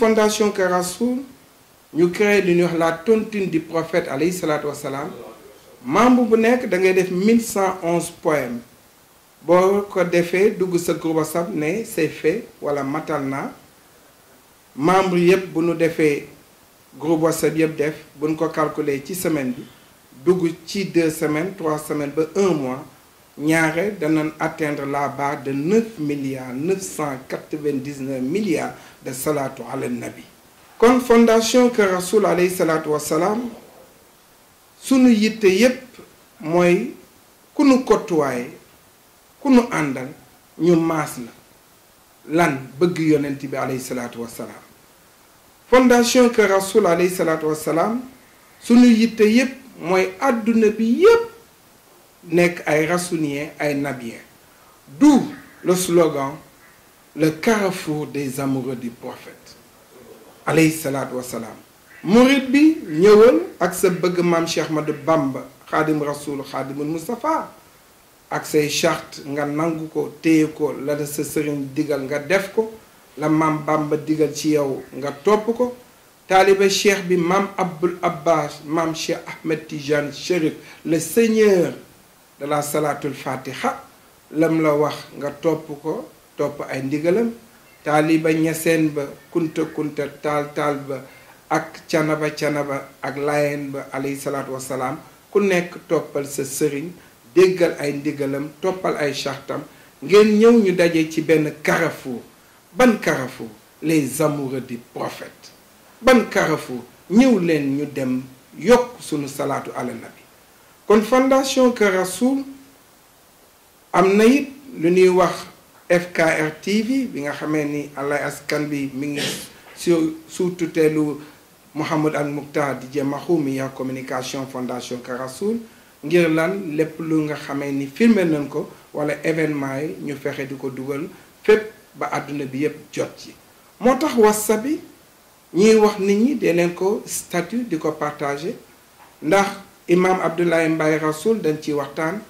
Fondation Karasoul, nous créons la tontine du prophète alayhi salatu wassalam. Membre de nek, nous avons 1111 poèmes. Si vous avez fait ce groupe, c'est fait, voilà, matalna. Membre yep si vous avez fait groupe, vous avez fait, vous avez calculé 6 semaines. Vous avez 2 semaines, 3 semaines, 1 mois. ñaare danañ atteindre la barre de neuf milliards vingt dix neuf milliards de salaatu ala nabi kon fondation Kër Rasoul alayhi salaatu wassalaam sunu yitte yépp mooy ku nu kotuwaaye ku nu àndal ñu maas la lan bëgg yonent bi alayhi salaatu wassalaam fondation Kër Rasoul alayhi salaatu wassalaam sunu yitte yépp mooy àdduna bi yépp Nek ay Rassounien ay Nabien d'où le slogan le carrefour des amoureux du prophète alayhi wa salam mourid bi ñewul ak sa bëgg mam Cheikh Bamba Khadim Rasoul, Khadim Mustafa. ak say charte nga Nanguko, la sa digal nga def ko la mam Bamba digal ci yow nga top ko taaliba cheikh bi Abdul Abbas mam Cheikh Ahmed Tijan, cherif le seigneur de la salaatul fatiha lam la wax nga topp ko topp ay ndigalam taaliba ñaseen ba kunta kunta taal taal ba ak canaba canaba ak laayeen ba alayhi salaatu wasalaam ku nekk toppal sa sëriñ déggal ay ndigalam toppal ay chartam ngeen ñëw ñu daje ci benn carrefour ban carrefour les amoureux du prophète ban carrefour ñëw leen ñu dem yokk sunu salaatu ala nabi kon fondation Kër Rassoul am na it wax FKR TV bi nga xamee ni askan bi mi sur sous tuteelu Mouhamad Al Moukhtar di mi communication fondation Kër Rassoul ngir lan lépp lu nga xamee ni filmé nañ wala événement yi ñu fexe di ko dugal ba àdduna bi yépp jot ci moo tax WhatsApp bi wax nit ñi ko statut di ko partagé ndax imaam Abdoulaye Mbaye Rasoul dañ ciy waxtaan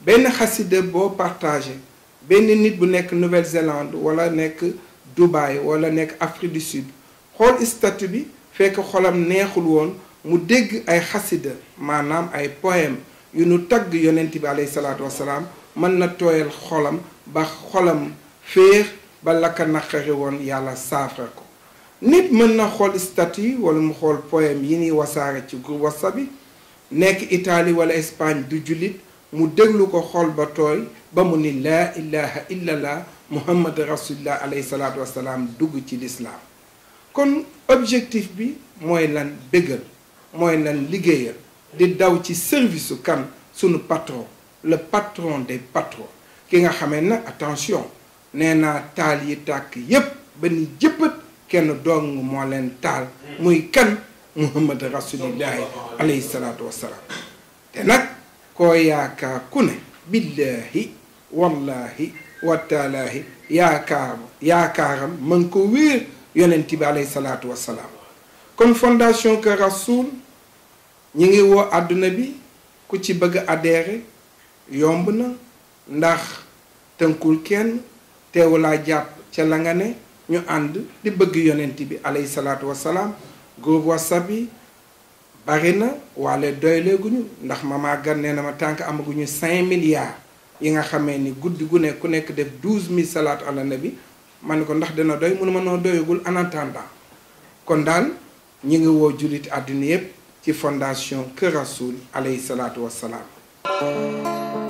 benn xasida boo partagé benn nit bu nekk Nouvelle-Zélande wala nekk Dubaï wala nekk Afrique du Sud xool statut bi fekk xolam neexul woon mu dégg ay xasida maanaam ay poème yu nu tagg yonent bi alayhi salaatu mën na tooyal xolam ba xolam féex ba la ko naqari woon yàlla saafara ko nit mën na xool statut wala mu xool poème yi ñuy wasaare ci groupe WhatsApp bi nekk Italie wala Espagne du jullit mu déglu ko xool ba tooy ba mu ni laa ilaha illallah muhammad rasulillah alayhi salaatu wassalaam dugg ci lislaam kon objectif bi mooy lan bëggal mooy lan liggéeya di daw ci service kan sunu patron le patron des patrons ki nga xame nag attention nee naa taal yi tàkk yépp ba ni jëppat kenn dong moo leen taal muy kan muhammad rasulillahi alayhi salaatu wassalaam te nag koo yaakaar ku ne billaahi wallaahi wataalaahi yaakaar yaakaaram mën ko wéer yonent bi alayhi salaatu wassalaam kon fondation Kër Rassoul ñi ngi woo àdduna bi ku ci bëgg adhéré yomb na ndax tënkul kenn teewu laa jàpp ca la nga ne ñu ànd di bëgg yonent bi alayhi salaatu wassalaam groupe whatsapp bi bari na wala doyleeguñu ndax ma gan nee na ma tànk amaguñu cinq milliards yi nga xamee ni guddi gu ne ku nekk def douze mille salaatu ala nabi ma ne ko ndax dina doy mënu ma noo doyagul en attendant kon daal ñu ngi woo jullit àdduna yépp ci fondation Kër Rasoul alayhi salaatu wassalaam